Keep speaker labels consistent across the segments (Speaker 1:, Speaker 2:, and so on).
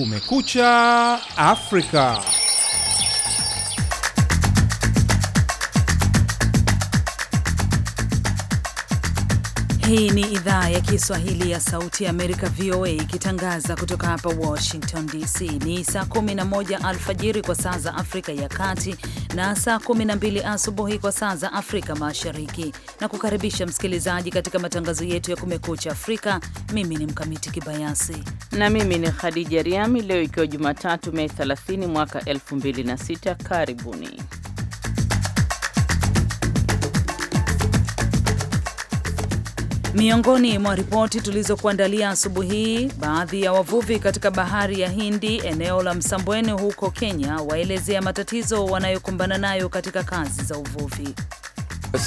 Speaker 1: Kumekucha Afrika.
Speaker 2: Hii ni idhaa ya Kiswahili ya Sauti ya Amerika, VOA, ikitangaza kutoka hapa Washington DC. Ni saa 11 alfajiri kwa saa za Afrika ya Kati na saa 12 asubuhi kwa saa za Afrika Mashariki, na kukaribisha msikilizaji katika matangazo yetu ya Kumekucha Afrika. Mimi ni Mkamiti Kibayasi
Speaker 3: na mimi ni Khadija Riami. Leo ikiwa Jumatatu, Mei 30 mwaka 2006. Karibuni.
Speaker 2: Miongoni mwa ripoti tulizokuandalia asubuhi hii, baadhi ya wavuvi katika bahari ya Hindi eneo la Msambweni huko Kenya waelezea matatizo wanayokumbana nayo katika kazi za uvuvi.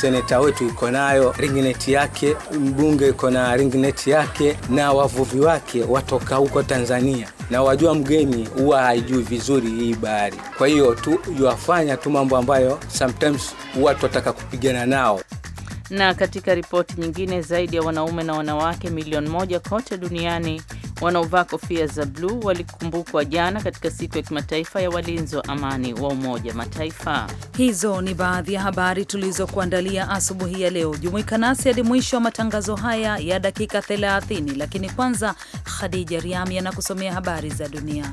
Speaker 1: Seneta wetu iko nayo ringneti yake, mbunge iko na ringneti yake, na wavuvi wake watoka huko Tanzania, na wajua mgeni huwa haijui vizuri hii bahari. Kwa hiyo tu yuwafanya tu mambo ambayo sometimes watu wataka kupigana nao.
Speaker 3: Na katika ripoti nyingine, zaidi ya wanaume na wanawake milioni moja kote duniani wanaovaa kofia za bluu walikumbukwa jana katika siku ya kimataifa ya walinzi wa amani wa Umoja Mataifa.
Speaker 2: Hizo ni baadhi ya habari tulizokuandalia asubuhi ya leo. Jumuika nasi hadi mwisho wa matangazo haya ya dakika 30, lakini kwanza Khadija Riami anakusomea habari za dunia.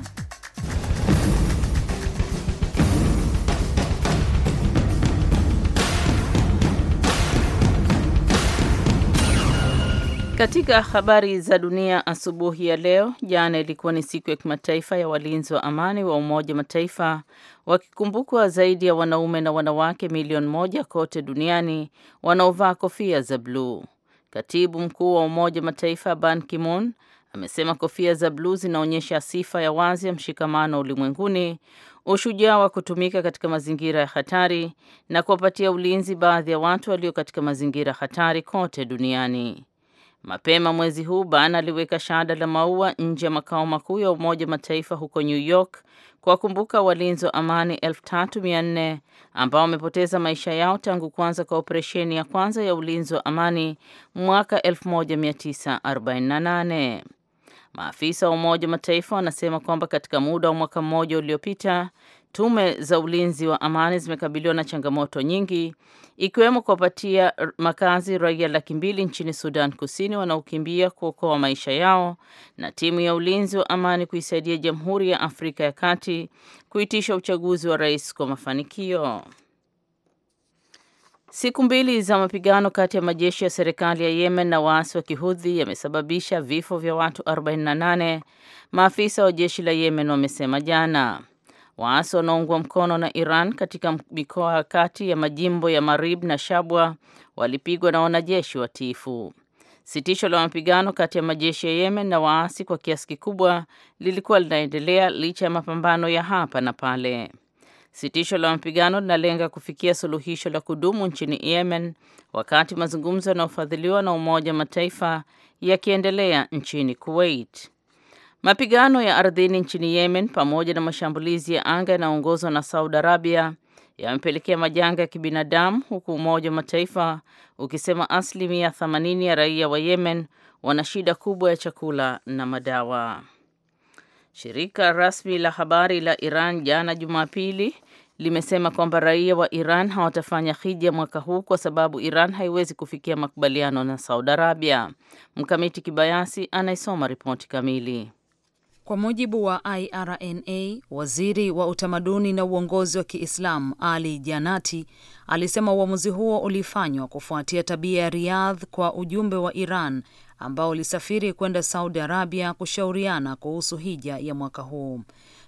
Speaker 3: Katika habari za dunia asubuhi ya leo, jana ilikuwa ni siku ya kimataifa ya walinzi wa amani wa Umoja Mataifa, wakikumbukwa zaidi ya wanaume na wanawake milioni moja kote duniani wanaovaa kofia za bluu. Katibu mkuu wa Umoja Mataifa Ban Ki-moon amesema kofia za bluu zinaonyesha sifa ya wazi ya mshikamano ulimwenguni, ushujaa wa kutumika katika mazingira ya hatari na kuwapatia ulinzi baadhi ya watu walio katika mazingira hatari kote duniani. Mapema mwezi huu Ban aliweka shada la maua nje ya makao makuu ya Umoja Mataifa huko New York kuwakumbuka walinzi wa amani 3400 ambao wamepoteza maisha yao tangu kuanza kwa operesheni ya kwanza ya ulinzi wa amani mwaka 1948. Maafisa wa Umoja Mataifa wanasema kwamba katika muda wa mwaka mmoja uliopita Tume za ulinzi wa amani zimekabiliwa na changamoto nyingi ikiwemo kuwapatia makazi raia laki mbili nchini Sudan Kusini wanaokimbia kuokoa maisha yao na timu ya ulinzi wa amani kuisaidia Jamhuri ya Afrika ya Kati kuitisha uchaguzi wa rais kwa mafanikio. Siku mbili za mapigano kati ya majeshi ya serikali ya Yemen na waasi wa Kihudhi yamesababisha vifo vya watu 48, maafisa wa jeshi la Yemen wamesema jana. Waasi wanaoungwa mkono na Iran katika mikoa kati ya majimbo ya Marib na Shabwa walipigwa na wanajeshi watiifu. Sitisho la mapigano kati ya majeshi ya Yemen na waasi kwa kiasi kikubwa lilikuwa linaendelea licha ya mapambano ya hapa na pale. Sitisho la mapigano linalenga kufikia suluhisho la kudumu nchini Yemen wakati mazungumzo yanayofadhiliwa na Umoja wa Mataifa yakiendelea nchini Kuwait. Mapigano ya ardhini nchini Yemen pamoja na mashambulizi ya anga yanayoongozwa na Saudi Arabia yamepelekea majanga ya kibinadamu huku Umoja wa Mataifa ukisema asilimia 80 ya raia wa Yemen wana shida kubwa ya chakula na madawa. Shirika rasmi la habari la Iran jana Jumapili limesema kwamba raia wa Iran hawatafanya hija mwaka huu kwa sababu Iran haiwezi kufikia makubaliano na Saudi Arabia. Mkamiti Kibayasi anaisoma ripoti kamili.
Speaker 2: Kwa mujibu wa IRNA, waziri wa utamaduni na uongozi wa Kiislamu Ali Janati alisema uamuzi huo ulifanywa kufuatia tabia ya Riyadh kwa ujumbe wa Iran ambao ulisafiri kwenda Saudi Arabia kushauriana kuhusu hija ya mwaka huu.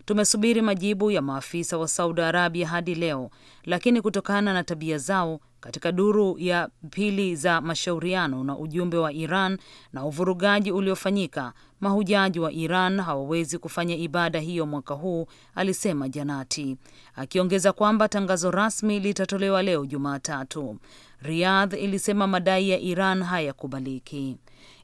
Speaker 2: Tumesubiri majibu ya maafisa wa Saudi Arabia hadi leo, lakini kutokana na tabia zao katika duru ya pili za mashauriano na ujumbe wa Iran na uvurugaji uliofanyika, mahujaji wa Iran hawawezi kufanya ibada hiyo mwaka huu, alisema Janati, akiongeza kwamba tangazo rasmi litatolewa leo Jumatatu. Riyadh ilisema madai ya Iran hayakubaliki.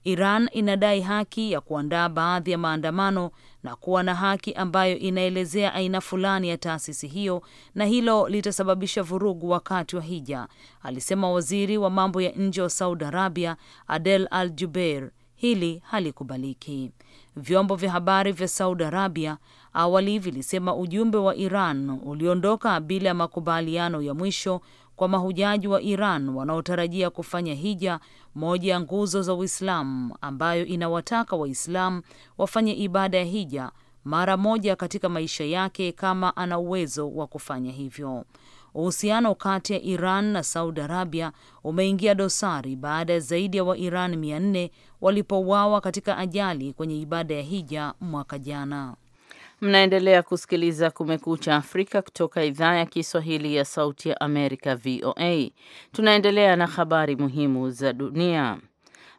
Speaker 2: Iran inadai haki ya kuandaa baadhi ya maandamano na kuwa na haki ambayo inaelezea aina fulani ya taasisi hiyo, na hilo litasababisha kusababisha vurugu wakati wa hija, alisema waziri wa mambo ya nje wa Saudi Arabia Adel Al Jubeir. Hili halikubaliki. Vyombo vya habari vya Saudi Arabia awali vilisema ujumbe wa Iran uliondoka bila ya makubaliano ya mwisho kwa mahujaji wa Iran wanaotarajia kufanya hija, moja ya nguzo za Uislamu ambayo inawataka Waislamu wafanye ibada ya hija mara moja katika maisha yake kama ana uwezo wa kufanya hivyo. Uhusiano kati ya Iran na Saudi Arabia umeingia dosari baada ya zaidi ya Wairan mia nne walipouawa katika ajali kwenye ibada ya hija mwaka jana. Mnaendelea kusikiliza
Speaker 3: Kumekucha Afrika kutoka idhaa ya Kiswahili ya Sauti ya Amerika, VOA. Tunaendelea na habari muhimu za dunia.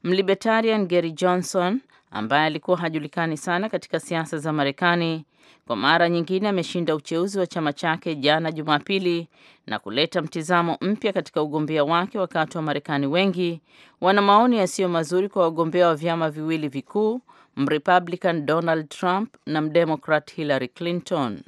Speaker 3: Mlibertarian Gary Johnson ambaye alikuwa hajulikani sana katika siasa za Marekani kwa mara nyingine ameshinda uteuzi wa chama chake jana Jumapili na kuleta mtizamo mpya katika ugombea wake, wakati wa Marekani wengi wana maoni yasiyo mazuri kwa wagombea wa vyama viwili vikuu, Mrepublican Donald Trump na Mdemocrat Hillary Clinton.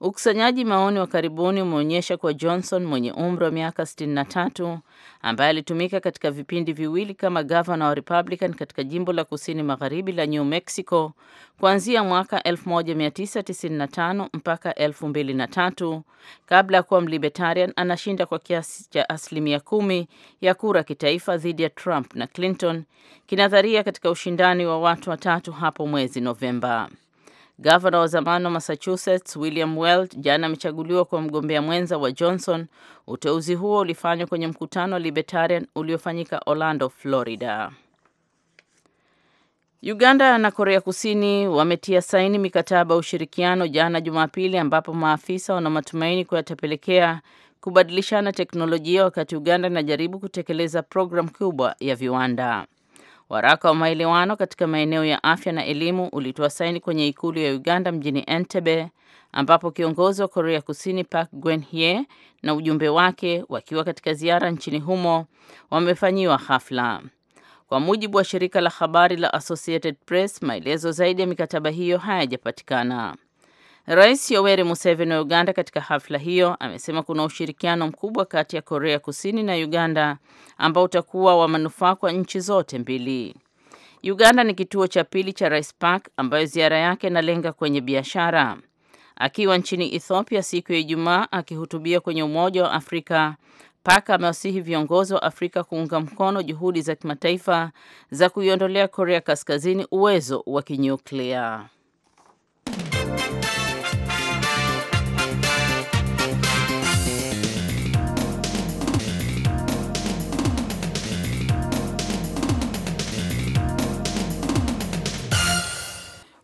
Speaker 3: Ukusanyaji maoni wa karibuni umeonyesha kuwa Johnson mwenye umri wa miaka 63 ambaye alitumika katika vipindi viwili kama gavana wa Republican katika jimbo la kusini magharibi la New Mexico kuanzia mwaka 1995 mpaka 2003 kabla ya kuwa mlibertarian, anashinda kwa kiasi cha asilimia kumi ya kura kitaifa dhidi ya Trump na Clinton, kinadharia katika ushindani wa watu watatu hapo mwezi Novemba. Gavana wa zamani wa Massachusetts William Weld jana amechaguliwa kwa mgombea mwenza wa Johnson. Uteuzi huo ulifanywa kwenye mkutano wa Libertarian uliofanyika Orlando, Florida. Uganda na Korea Kusini wametia saini mikataba ya ushirikiano jana Jumapili, ambapo maafisa wana matumaini kuwa yatapelekea kubadilishana teknolojia, wakati Uganda inajaribu kutekeleza programu kubwa ya viwanda. Waraka wa maelewano katika maeneo ya afya na elimu ulitoa saini kwenye ikulu ya Uganda mjini Entebbe ambapo kiongozi wa Korea Kusini Park Geun-hye na ujumbe wake wakiwa katika ziara nchini humo wamefanyiwa hafla. Kwa mujibu wa shirika la habari la Associated Press, maelezo zaidi ya mikataba hiyo hayajapatikana. Rais Yoweri Museveni wa Uganda katika hafla hiyo amesema kuna ushirikiano mkubwa kati ya Korea Kusini na Uganda ambao utakuwa wa manufaa kwa nchi zote mbili. Uganda ni kituo cha pili cha Rais Park ambayo ziara yake inalenga kwenye biashara. Akiwa nchini Ethiopia siku ya Ijumaa akihutubia kwenye Umoja wa Afrika, Park amewasihi viongozi wa Afrika kuunga mkono juhudi za kimataifa za kuiondolea Korea Kaskazini uwezo wa kinyuklia.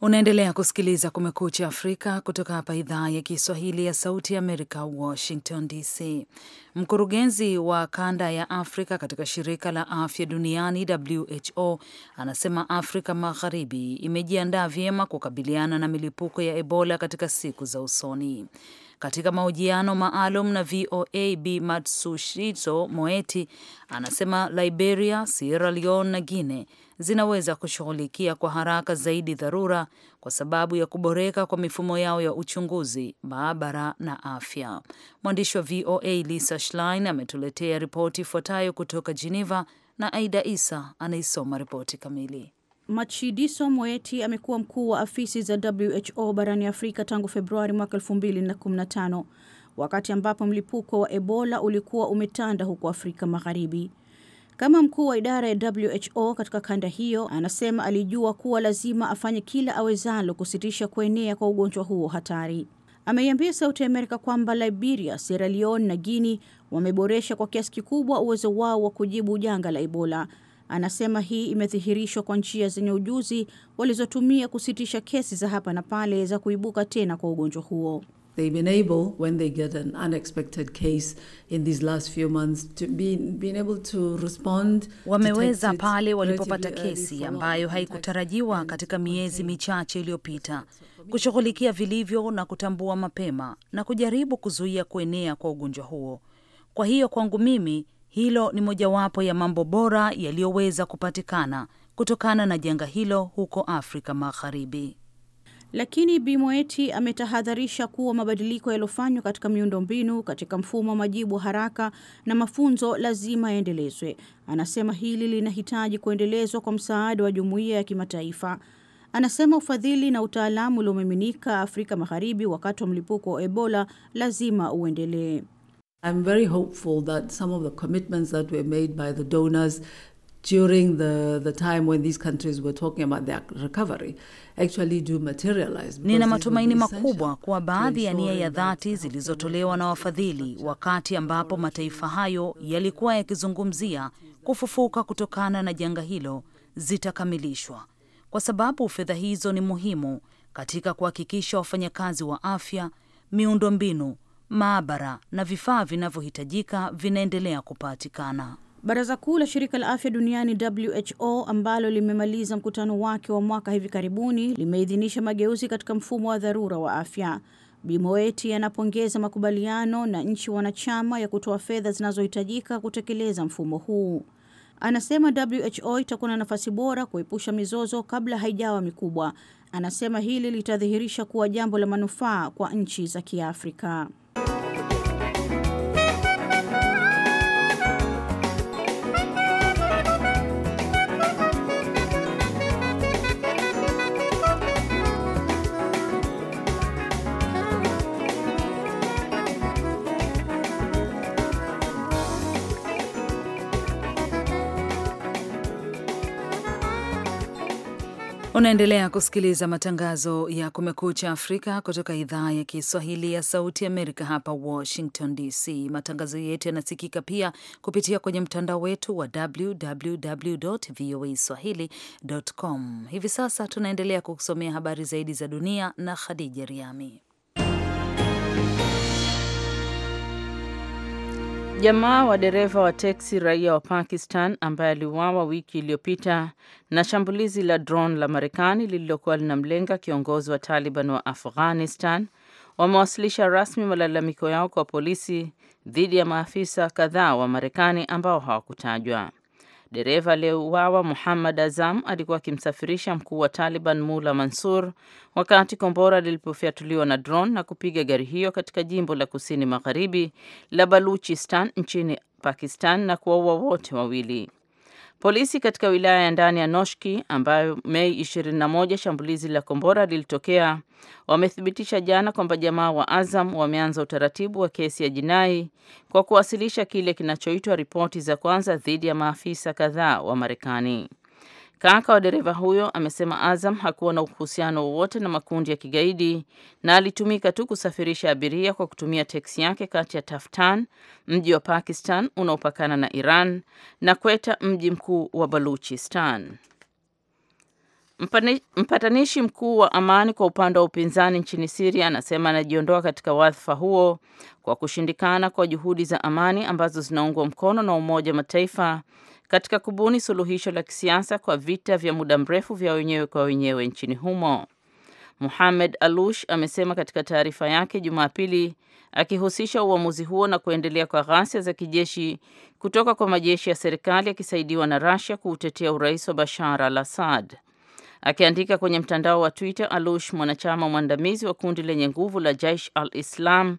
Speaker 2: Unaendelea kusikiliza Kumekucha Afrika kutoka hapa idhaa ya Kiswahili ya Sauti ya Amerika, Washington DC. Mkurugenzi wa kanda ya Afrika katika shirika la afya duniani WHO anasema Afrika Magharibi imejiandaa vyema kukabiliana na milipuko ya Ebola katika siku za usoni. Katika mahojiano maalum na VOA, Bi Matsushito Moeti anasema Liberia, Sierra Leone na Guinea zinaweza kushughulikia kwa haraka zaidi dharura kwa sababu ya kuboreka kwa mifumo yao ya uchunguzi, maabara na afya. Mwandishi wa VOA Lisa Schlein ametuletea ripoti ifuatayo
Speaker 4: kutoka Geneva na Aida Isa anaisoma ripoti kamili machidiso Moeti amekuwa mkuu wa afisi za WHO barani Afrika tangu Februari mwaka 2015 wakati ambapo mlipuko wa Ebola ulikuwa umetanda huko Afrika Magharibi. Kama mkuu wa idara ya WHO katika kanda hiyo, anasema alijua kuwa lazima afanye kila awezalo kusitisha kuenea kwa ugonjwa huo hatari. Ameiambia Sauti ya Amerika kwamba Liberia, Sierra Leone na Guinea wameboresha kwa kiasi kikubwa uwezo wao wa kujibu janga la Ebola Anasema hii imedhihirishwa kwa njia zenye ujuzi walizotumia kusitisha kesi za hapa na pale za kuibuka tena kwa ugonjwa huo. They've been able, when they get an unexpected case in these last few months, to be, been able to respond.
Speaker 2: Wameweza pale walipopata kesi ambayo haikutarajiwa katika miezi michache iliyopita kushughulikia vilivyo na kutambua mapema na kujaribu kuzuia kuenea kwa ugonjwa huo. Kwa hiyo kwangu mimi hilo ni mojawapo ya mambo bora yaliyoweza kupatikana kutokana na janga hilo huko
Speaker 4: Afrika Magharibi. Lakini Bimoeti ametahadharisha kuwa mabadiliko yaliyofanywa katika miundombinu katika mfumo wa majibu haraka na mafunzo lazima yaendelezwe. Anasema hili linahitaji kuendelezwa kwa msaada wa jumuiya ya kimataifa. Anasema ufadhili na utaalamu uliomiminika Afrika Magharibi wakati wa mlipuko wa Ebola lazima uendelee. I'm very hopeful that some of the commitments
Speaker 2: that were made by the donors during the, the time when these countries were talking about their recovery actually do materialize. Nina matumaini makubwa kwa baadhi ya nia ya dhati zilizotolewa na wafadhili wakati ambapo mataifa hayo yalikuwa yakizungumzia kufufuka kutokana na janga hilo zitakamilishwa, kwa sababu fedha hizo ni muhimu katika kuhakikisha wafanyakazi wa afya,
Speaker 4: miundombinu maabara na vifaa vinavyohitajika vinaendelea kupatikana. Baraza Kuu la Shirika la Afya Duniani WHO ambalo limemaliza mkutano wake wa mwaka hivi karibuni limeidhinisha mageuzi katika mfumo wa dharura wa afya. Bimoeti anapongeza makubaliano na nchi wanachama ya kutoa fedha zinazohitajika kutekeleza mfumo huu. Anasema WHO itakuwa na nafasi bora kuepusha mizozo kabla haijawa mikubwa. Anasema hili litadhihirisha kuwa jambo la manufaa kwa nchi za Kiafrika.
Speaker 2: Unaendelea kusikiliza matangazo ya Kumekucha Afrika kutoka idhaa ya Kiswahili ya Sauti Amerika hapa Washington DC. Matangazo yetu yanasikika pia kupitia kwenye mtandao wetu wa www voa swahili.com. Hivi sasa tunaendelea kukusomea habari zaidi za dunia na Khadija Riami. Jamaa
Speaker 3: wa dereva wa teksi raia wa Pakistan ambaye aliuawa wiki iliyopita na shambulizi la drone la Marekani lililokuwa linamlenga kiongozi wa Taliban wa Afghanistan wamewasilisha rasmi malalamiko yao kwa polisi dhidi ya maafisa kadhaa wa Marekani ambao hawakutajwa. Dereva aliyeuawa Muhammad Azam alikuwa akimsafirisha mkuu wa Taliban Mula Mansur wakati kombora lilipofyatuliwa na drone na kupiga gari hiyo katika jimbo la kusini magharibi la Baluchistan nchini Pakistan na kuwaua wote wawili. Polisi katika wilaya ya ndani ya Noshki ambayo Mei 21 shambulizi la kombora lilitokea wamethibitisha jana kwamba jamaa wa Azam wameanza utaratibu wa kesi ya jinai kwa kuwasilisha kile kinachoitwa ripoti za kwanza dhidi ya maafisa kadhaa wa Marekani. Kaka wa dereva huyo amesema Azam hakuwa na uhusiano wowote na makundi ya kigaidi na alitumika tu kusafirisha abiria kwa kutumia teksi yake kati ya Taftan, mji wa Pakistan unaopakana na Iran, na Kweta, mji mkuu wa Baluchistan. Mpatanishi mkuu wa amani kwa upande wa upinzani nchini Syria anasema anajiondoa katika wadhifa huo kwa kushindikana kwa juhudi za amani ambazo zinaungwa mkono na Umoja wa Mataifa katika kubuni suluhisho la kisiasa kwa vita vya muda mrefu vya wenyewe kwa wenyewe nchini humo. muhamed Alush amesema katika taarifa yake Jumapili akihusisha uamuzi huo na kuendelea kwa ghasia za kijeshi kutoka kwa majeshi ya serikali yakisaidiwa na rasia kuutetea urais wa Bashar al-Assad. Akiandika kwenye mtandao wa Twitter, Alush, mwanachama mwandamizi wa kundi lenye nguvu la Jaish al-Islam,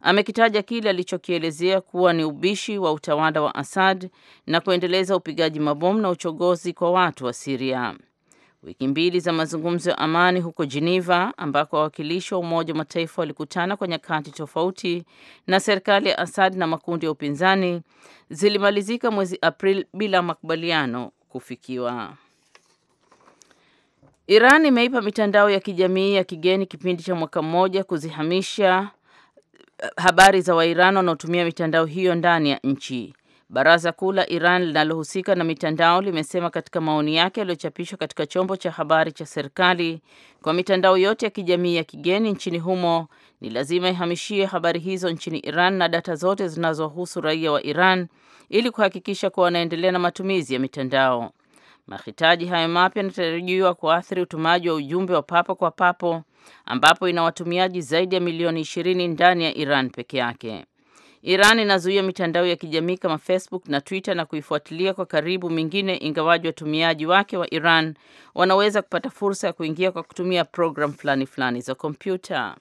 Speaker 3: amekitaja kile alichokielezea kuwa ni ubishi wa utawala wa Assad na kuendeleza upigaji mabomu na uchokozi kwa watu wa Syria. Wiki mbili za mazungumzo ya amani huko Geneva ambako wawakilishi wa Umoja wa Mataifa walikutana kwa nyakati tofauti na serikali ya Assad na makundi ya upinzani zilimalizika mwezi Aprili bila makubaliano kufikiwa. Iran imeipa mitandao ya kijamii ya kigeni kipindi cha mwaka mmoja kuzihamisha habari za Wairani wanaotumia mitandao hiyo ndani ya nchi. Baraza Kuu la Iran linalohusika na mitandao limesema katika maoni yake yaliyochapishwa katika chombo cha habari cha serikali kwa mitandao yote ya kijamii ya kigeni nchini humo ni lazima ihamishie habari hizo nchini Iran na data zote zinazohusu raia wa Iran ili kuhakikisha kuwa wanaendelea na matumizi ya mitandao. Mahitaji hayo mapya yanatarajiwa kuathiri utumaji wa ujumbe wa papo kwa papo ambapo ina watumiaji zaidi ya milioni 20 ndani ya Iran peke yake. Iran inazuia mitandao ya kijamii kama Facebook na Twitter na kuifuatilia kwa karibu mingine, ingawaji watumiaji wake wa Iran wanaweza kupata fursa ya kuingia kwa kutumia programu fulani fulani za kompyuta.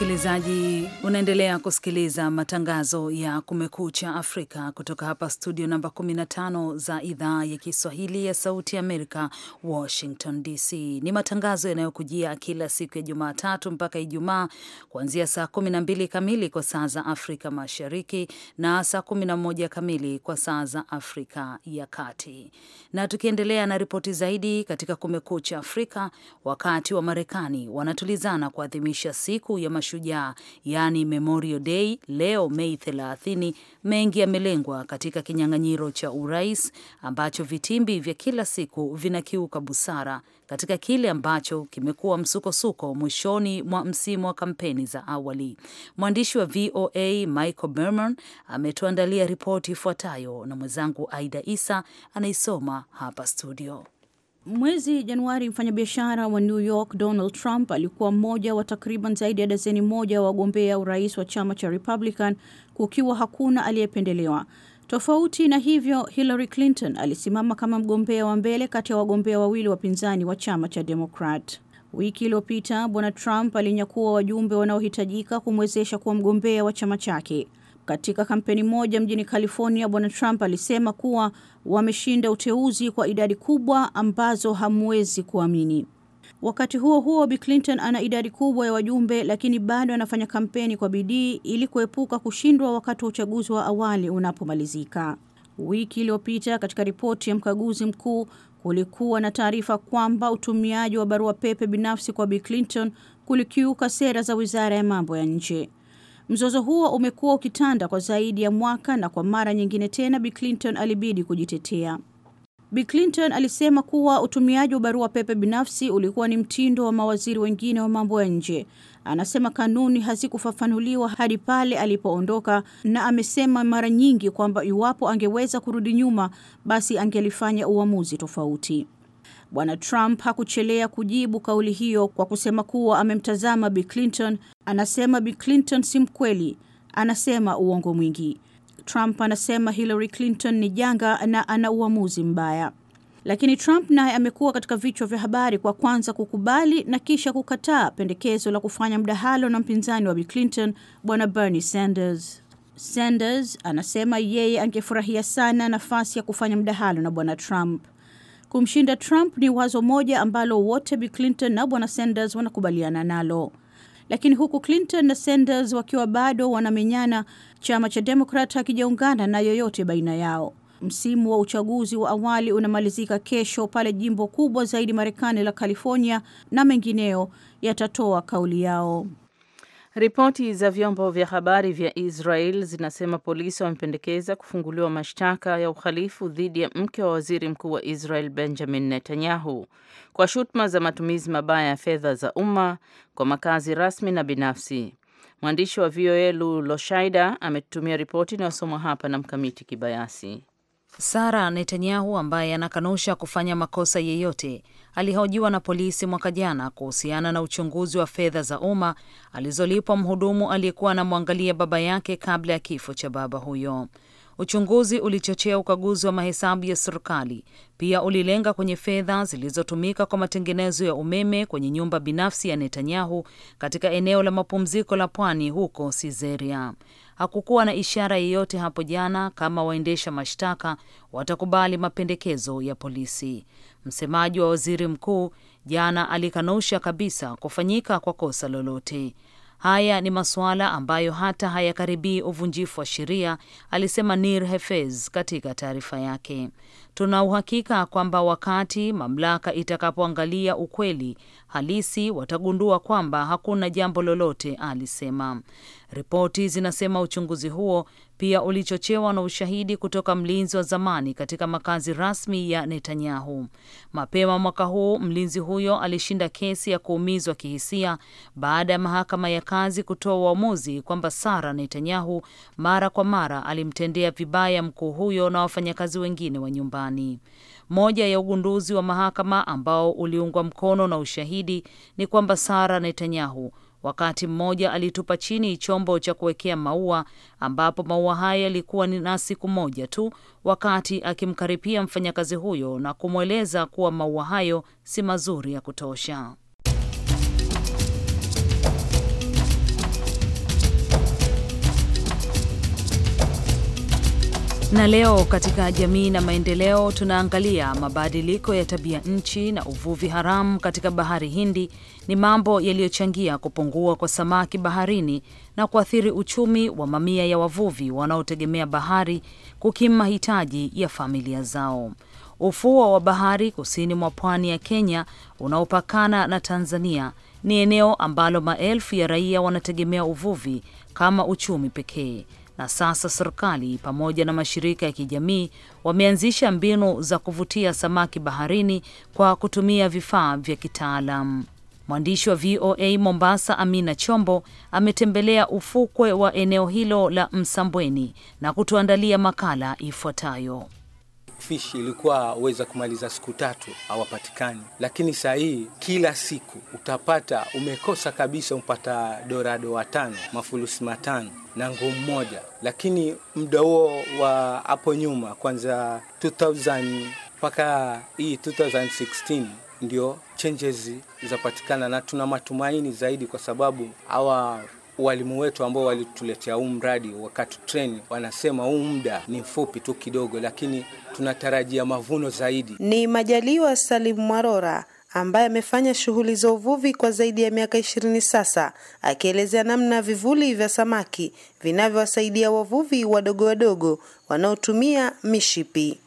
Speaker 2: msikilizaji, unaendelea kusikiliza matangazo ya Kumekucha Afrika kutoka hapa studio namba 15 za idhaa ya Kiswahili ya Sauti Amerika, Washington DC. Ni matangazo yanayokujia kila siku ya Jumatatu mpaka Ijumaa kuanzia saa 12 kamili kwa saa za Afrika Mashariki na saa 11 kamili kwa saa za Afrika ya Kati. Na tukiendelea na ripoti zaidi katika Kumekucha Afrika, wakati wa Marekani wanatulizana kuadhimisha siku ya mashujaa, yaani Memorial Day leo Mei 30. Mengi yamelengwa katika kinyang'anyiro cha urais ambacho vitimbi vya kila siku vinakiuka busara katika kile ambacho kimekuwa msukosuko mwishoni mwa msimu wa kampeni za awali. Mwandishi wa VOA Michael Berman ametuandalia ripoti ifuatayo na mwenzangu Aida Isa anaisoma hapa studio.
Speaker 4: Mwezi Januari, mfanyabiashara wa New York Donald Trump alikuwa mmoja wa takriban zaidi ya dazeni moja wa wagombea urais wa chama cha Republican, kukiwa hakuna aliyependelewa. Tofauti na hivyo, Hillary Clinton alisimama kama mgombea wa mbele kati ya wagombea wawili wapinzani wa chama cha Democrat. Wiki iliyopita, bwana Trump alinyakua wajumbe wanaohitajika kumwezesha kuwa mgombea wa chama chake. Katika kampeni moja mjini California, Bwana Trump alisema kuwa wameshinda uteuzi kwa idadi kubwa ambazo hamwezi kuamini. Wakati huo huo, Bi Clinton ana idadi kubwa ya wajumbe, lakini bado anafanya kampeni kwa bidii ili kuepuka kushindwa wakati wa uchaguzi wa awali unapomalizika. Wiki iliyopita, katika ripoti ya mkaguzi mkuu, kulikuwa na taarifa kwamba utumiaji wa barua pepe binafsi kwa Bi Clinton kulikiuka sera za Wizara ya Mambo ya Nje. Mzozo huo umekuwa ukitanda kwa zaidi ya mwaka na kwa mara nyingine tena Bi Clinton alibidi kujitetea. Bi Clinton alisema kuwa utumiaji wa barua pepe binafsi ulikuwa ni mtindo wa mawaziri wengine wa mambo ya nje. Anasema kanuni hazikufafanuliwa hadi pale alipoondoka na amesema mara nyingi kwamba iwapo angeweza kurudi nyuma basi angelifanya uamuzi tofauti. Bwana Trump hakuchelea kujibu kauli hiyo kwa kusema kuwa amemtazama Bi Clinton. Anasema Bi Clinton si mkweli, anasema uongo mwingi. Trump anasema Hillary Clinton ni janga na ana uamuzi mbaya. Lakini Trump naye amekuwa katika vichwa vya habari kwa kwanza kukubali na kisha kukataa pendekezo la kufanya mdahalo na mpinzani wa Bi Clinton, Bwana Bernie Sanders. Sanders anasema yeye angefurahia sana nafasi ya kufanya mdahalo na Bwana Trump. Kumshinda Trump ni wazo moja ambalo wote Bi Clinton na Bwana Sanders wanakubaliana nalo, lakini huku Clinton na Sanders wakiwa bado wanamenyana, chama cha Demokrat hakijaungana na yoyote baina yao. Msimu wa uchaguzi wa awali unamalizika kesho pale jimbo kubwa zaidi Marekani la California na mengineo yatatoa kauli yao. Ripoti za vyombo vya habari vya
Speaker 3: Israel zinasema polisi wamependekeza kufunguliwa mashtaka ya uhalifu dhidi ya mke wa waziri mkuu wa Israel Benjamin Netanyahu kwa shutuma za matumizi mabaya ya fedha za umma kwa makazi rasmi na binafsi. Mwandishi wa VOA Lu Loshaida ametutumia ripoti inayosomwa hapa na Mkamiti Kibayasi.
Speaker 2: Sara Netanyahu ambaye anakanusha kufanya makosa yeyote alihojiwa na polisi mwaka jana kuhusiana na uchunguzi wa fedha za umma alizolipwa mhudumu aliyekuwa anamwangalia baba yake kabla ya kifo cha baba huyo. Uchunguzi ulichochea ukaguzi wa mahesabu ya serikali, pia ulilenga kwenye fedha zilizotumika kwa matengenezo ya umeme kwenye nyumba binafsi ya Netanyahu katika eneo la mapumziko la pwani huko Sizeria. Hakukuwa na ishara yeyote hapo jana kama waendesha mashtaka watakubali mapendekezo ya polisi. Msemaji wa waziri mkuu jana alikanusha kabisa kufanyika kwa kosa lolote. Haya ni masuala ambayo hata hayakaribii uvunjifu wa sheria, alisema Nir Hefez katika taarifa yake. Tuna uhakika kwamba wakati mamlaka itakapoangalia ukweli halisi watagundua kwamba hakuna jambo lolote, alisema. Ripoti zinasema uchunguzi huo pia ulichochewa na ushahidi kutoka mlinzi wa zamani katika makazi rasmi ya Netanyahu. Mapema mwaka huu, mlinzi huyo alishinda kesi ya kuumizwa kihisia baada ya mahakama ya kazi kutoa uamuzi kwamba Sara Netanyahu mara kwa mara alimtendea vibaya mkuu huyo na wafanyakazi wengine wa nyumbani. Moja ya ugunduzi wa mahakama ambao uliungwa mkono na ushahidi ni kwamba Sara Netanyahu Wakati mmoja alitupa chini chombo cha kuwekea maua, ambapo maua haya yalikuwa na siku moja tu, wakati akimkaripia mfanyakazi huyo na kumweleza kuwa maua hayo si mazuri ya kutosha. Na leo katika jamii na maendeleo tunaangalia mabadiliko ya tabia nchi na uvuvi haramu katika bahari Hindi ni mambo yaliyochangia kupungua kwa samaki baharini na kuathiri uchumi wa mamia ya wavuvi wanaotegemea bahari kukimu mahitaji ya familia zao. Ufuo wa bahari kusini mwa pwani ya Kenya unaopakana na Tanzania ni eneo ambalo maelfu ya raia wanategemea uvuvi kama uchumi pekee. Na sasa serikali pamoja na mashirika ya kijamii wameanzisha mbinu za kuvutia samaki baharini kwa kutumia vifaa vya kitaalamu. Mwandishi wa VOA Mombasa, Amina Chombo, ametembelea ufukwe wa eneo hilo la Msambweni na kutuandalia makala ifuatayo.
Speaker 1: Fishi ilikuwa weza kumaliza siku tatu hawapatikani, lakini saa hii kila siku utapata, umekosa kabisa, umpata dorado watano, mafulusi matano na nguu mmoja. Lakini muda huo wa hapo nyuma, kwanza 2000 mpaka hii 2016 ndio changes zapatikana, na tuna matumaini zaidi, kwa sababu hawa walimu wetu ambao walituletea huu mradi wakati train wanasema huu muda ni mfupi tu kidogo, lakini tunatarajia mavuno zaidi. Ni
Speaker 5: Majaliwa Salim Mwarora ambaye amefanya shughuli za uvuvi kwa zaidi ya miaka ishirini sasa, akielezea namna vivuli vya samaki vinavyowasaidia wavuvi wadogo wadogo wanaotumia mishipi.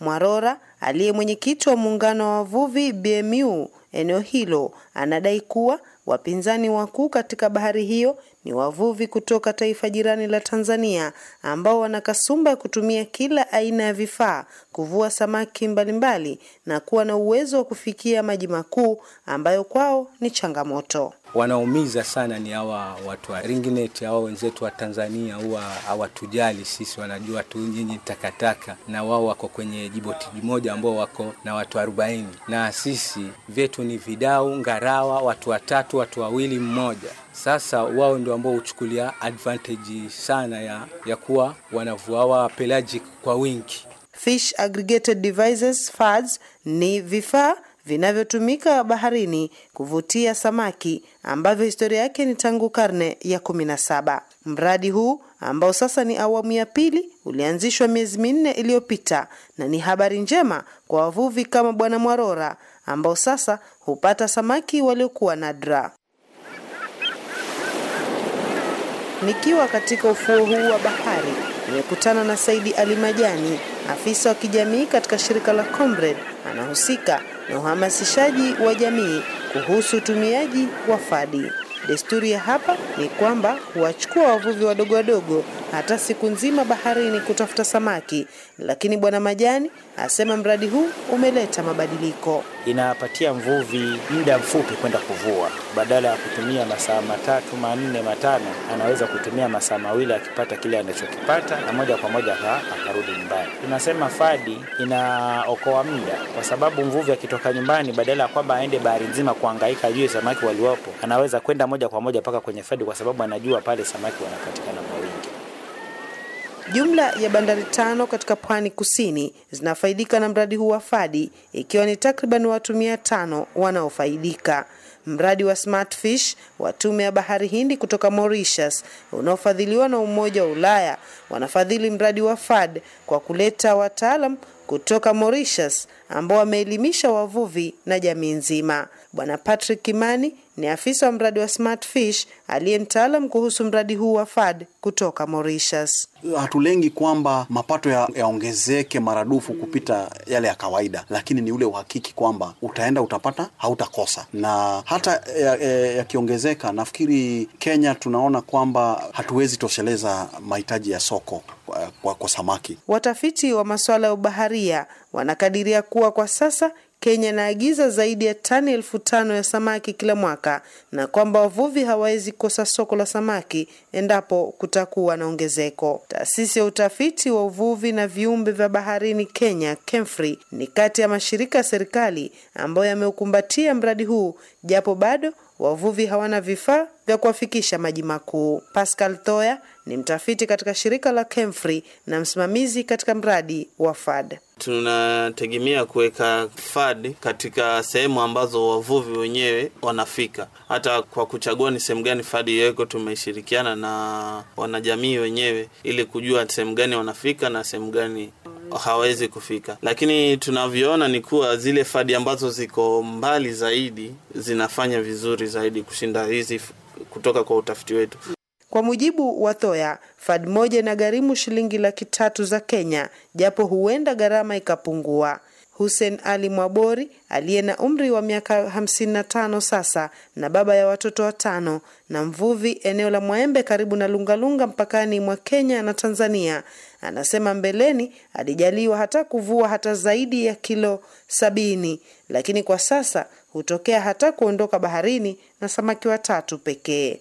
Speaker 5: Mwarora aliye mwenyekiti wa muungano wa wavuvi BMU eneo hilo anadai kuwa wapinzani wakuu katika bahari hiyo ni wavuvi kutoka taifa jirani la Tanzania ambao wana kasumba ya kutumia kila aina ya vifaa kuvua samaki mbalimbali na kuwa na uwezo wa kufikia maji makuu ambayo kwao ni
Speaker 1: changamoto. Wanaumiza sana ni hawa watu wa Ringnet, hawa wenzetu wa Tanzania huwa hawatujali sisi, wanajua tu nyinyi takataka, na wao wako kwenye jiboti moja ambao wako na watu 40 na sisi vyetu ni vidau, ngarawa, watu watatu, watu wawili, mmoja. Sasa wao ndio ambao huchukulia advantage sana ya, ya kuwa wanavuawa pelagic kwa wingi Fish aggregated
Speaker 5: devices FADs ni vifaa vinavyotumika
Speaker 1: baharini kuvutia
Speaker 5: samaki ambavyo historia yake ni tangu karne ya kumi na saba. Mradi huu ambao sasa ni awamu ya pili ulianzishwa miezi minne iliyopita na ni habari njema kwa wavuvi kama Bwana Mwarora ambao sasa hupata samaki waliokuwa nadra. Nikiwa katika ufuo huu wa bahari nimekutana na Saidi Ali Majani, afisa wa kijamii katika shirika la Comred, anahusika na uhamasishaji wa jamii kuhusu utumiaji wa fadi. Desturi ya hapa ni kwamba huwachukua wavuvi wadogo wadogo hata siku nzima baharini kutafuta samaki, lakini Bwana Majani asema mradi huu umeleta mabadiliko.
Speaker 1: Inapatia mvuvi muda mfupi kwenda kuvua, badala ya kutumia masaa matatu manne matano, anaweza kutumia masaa mawili akipata kile anachokipata, na moja kwa moja akarudi nyumbani. Tunasema fadi inaokoa muda, kwa sababu mvuvi akitoka nyumbani, badala ya kwamba aende bahari nzima kuangaika ajue samaki waliopo, anaweza kwenda moja kwa moja mpaka kwenye fedi, kwa sababu anajua pale samaki wanapatikana kwa wingi.
Speaker 5: Jumla ya bandari tano katika pwani kusini zinafaidika na mradi huu wa Fadi, ikiwa ni takriban watu mia tano wanaofaidika. Mradi wa Smart Fish wa tume ya bahari Hindi kutoka Mauritius unaofadhiliwa na Umoja wa Ulaya wanafadhili mradi wa Fad kwa kuleta wataalam kutoka Mauritius ambao wameelimisha wavuvi na jamii nzima. Bwana Patrick Kimani ni afisa wa mradi wa Smartfish aliye mtaalam kuhusu mradi huu wa FAD kutoka
Speaker 1: Mauritius. Hatulengi kwamba mapato yaongezeke ya maradufu kupita yale ya kawaida, lakini ni ule uhakiki kwamba utaenda utapata, hautakosa. Na hata yakiongezeka ya, ya nafikiri Kenya tunaona kwamba hatuwezi tosheleza mahitaji ya soko kwa, kwa, kwa samaki.
Speaker 5: Watafiti wa masuala ya ubaharia wanakadiria kuwa kwa sasa Kenya inaagiza zaidi ya tani elfu tano ya samaki kila mwaka na kwamba wavuvi hawawezi kosa soko la samaki endapo kutakuwa na ongezeko. Taasisi ya utafiti wa uvuvi na viumbe vya baharini Kenya KEMFRI ni kati ya mashirika ya serikali ambayo yameukumbatia mradi huu, japo bado wavuvi hawana vifaa vya kuwafikisha maji makuu. Pascal Thoya ni mtafiti katika shirika la KEMFRI na msimamizi katika mradi wa FAD. Tunategemea kuweka fadi katika sehemu ambazo wavuvi wenyewe wanafika. Hata kwa kuchagua ni sehemu gani fadi iweko, tumeshirikiana na wanajamii wenyewe ili kujua sehemu gani wanafika na sehemu gani hawezi kufika, lakini tunavyoona ni kuwa zile fadi ambazo ziko mbali zaidi zinafanya vizuri zaidi kushinda hizi kutoka kwa utafiti wetu. Kwa mujibu wa Thoya, fad moja inagharimu shilingi laki tatu za Kenya, japo huenda gharama ikapungua. Hussein Ali Mwabori aliye na umri wa miaka 55 sasa na baba ya watoto watano na mvuvi eneo la Mwaembe karibu na Lungalunga mpakani mwa Kenya na Tanzania, anasema mbeleni alijaliwa hata kuvua hata zaidi ya kilo sabini, lakini kwa sasa hutokea hata kuondoka baharini na samaki watatu pekee.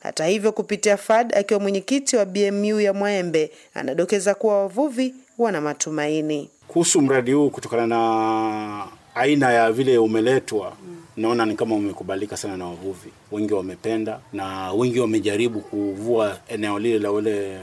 Speaker 5: Hata hivyo, kupitia Fad akiwa mwenyekiti wa BMU ya Mwaembe, anadokeza kuwa wavuvi wana matumaini
Speaker 1: kuhusu mradi huu kutokana na aina ya vile umeletwa naona ni kama umekubalika sana na wavuvi wengi, wamependa na wengi wamejaribu kuvua eneo lile la ule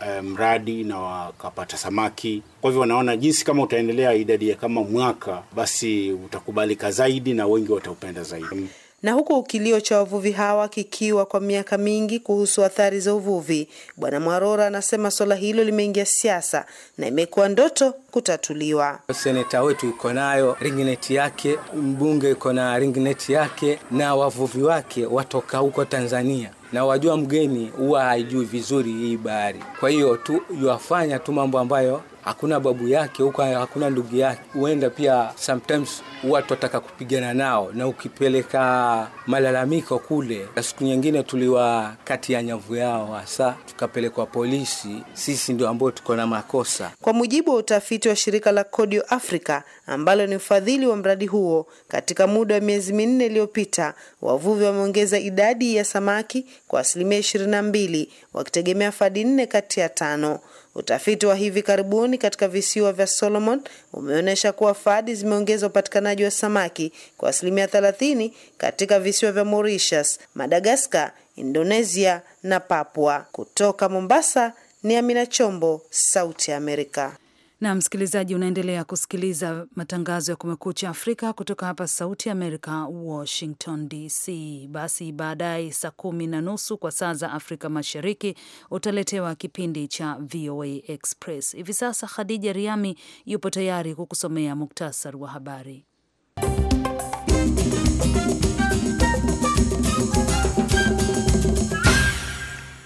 Speaker 1: eh, mradi na wakapata samaki. Kwa hivyo wanaona jinsi kama utaendelea idadi ya kama mwaka, basi utakubalika zaidi na wengi wataupenda zaidi. Na
Speaker 5: huku kilio cha wavuvi hawa kikiwa kwa miaka mingi kuhusu athari za uvuvi, Bwana Mwarora anasema swala hilo limeingia siasa na imekuwa ndoto kutatuliwa.
Speaker 1: Seneta wetu iko nayo ringineti yake, mbunge iko na ringineti yake, na wavuvi wake watoka huko Tanzania na wajua, mgeni huwa haijui vizuri hii bahari. Kwa hiyo tu yuwafanya tu mambo ambayo hakuna babu yake huko, hakuna ndugu yake, huenda pia sometimes watu wataka kupigana nao, na ukipeleka malalamiko kule, na siku nyingine tuliwa kati ya nyavu yao, hasa tukapelekwa polisi. Sisi ndio ambao tuko na makosa.
Speaker 5: Kwa mujibu wa utafiti wa shirika la Kodio Africa ambalo ni ufadhili wa mradi huo, katika muda wa miezi minne iliyopita, wavuvi wameongeza idadi ya samaki kwa asilimia ishirini na mbili wakitegemea fadi nne kati ya tano. Utafiti wa hivi karibuni katika visiwa vya Solomon umeonyesha kuwa fadi zimeongeza upatikanaji uzalishaji wa samaki kwa asilimia 30 katika visiwa vya Mauritius, Madagascar, Indonesia na Papua. Kutoka Mombasa ni Amina Chombo, Sauti ya Amerika.
Speaker 2: Na msikilizaji, unaendelea kusikiliza matangazo ya Kumekucha Afrika kutoka hapa Sauti Amerika, Washington DC. Basi baadaye saa kumi na nusu kwa saa za Afrika Mashariki utaletewa kipindi cha VOA Express. Hivi sasa Khadija Riami yupo tayari kukusomea muktasari wa habari.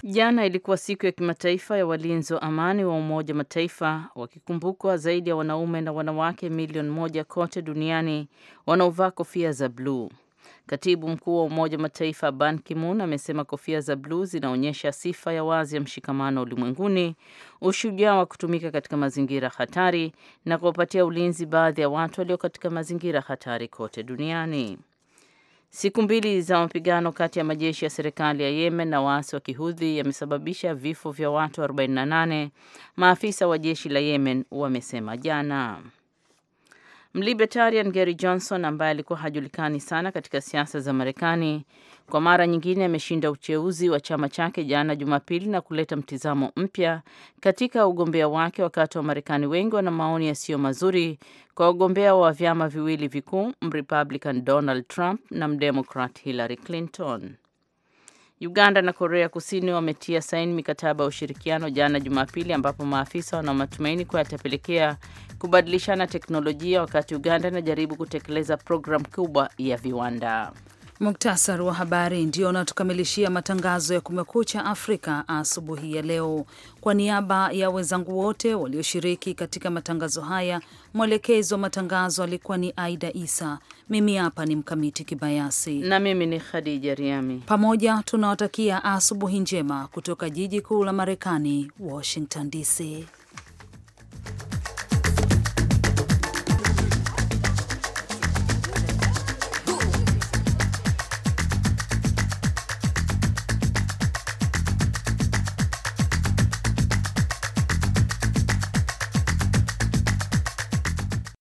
Speaker 3: Jana ilikuwa siku ya kimataifa ya walinzi wa amani wa Umoja Mataifa, wakikumbukwa zaidi ya wanaume na wanawake milioni moja kote duniani wanaovaa kofia za bluu. Katibu mkuu wa Umoja wa Mataifa Ban Ki-moon amesema kofia za bluu zinaonyesha sifa ya wazi ya mshikamano ulimwenguni, ushujaa wa kutumika katika mazingira hatari na kuwapatia ulinzi baadhi ya watu walio katika mazingira hatari kote duniani. Siku mbili za mapigano kati ya majeshi ya serikali ya Yemen na waasi wa Kihudhi yamesababisha vifo vya watu 48, maafisa wa jeshi la Yemen wamesema jana. Mlibertarian Gary Johnson ambaye alikuwa hajulikani sana katika siasa za Marekani kwa mara nyingine ameshinda uteuzi wa chama chake jana Jumapili na kuleta mtizamo mpya katika ugombea wake, wakati wa Marekani wengi wana maoni yasiyo mazuri kwa wagombea wa vyama viwili vikuu, Mrepublican Donald Trump na Mdemocrat Hillary Clinton. Uganda na Korea Kusini wametia saini mikataba ya ushirikiano jana Jumapili, ambapo maafisa wana matumaini kuwa yatapelekea kubadilishana teknolojia, wakati Uganda inajaribu kutekeleza programu kubwa ya viwanda.
Speaker 2: Muktasar wa habari ndio unatukamilishia matangazo ya Kumekucha Afrika asubuhi ya leo. Kwa niaba ya wenzangu wote walioshiriki katika matangazo haya, mwelekezi wa matangazo alikuwa ni Aida Isa, mimi hapa ni Mkamiti Kibayasi na mimi ni Khadija Riami. Pamoja tunawatakia asubuhi njema kutoka jiji kuu la Marekani, Washington DC.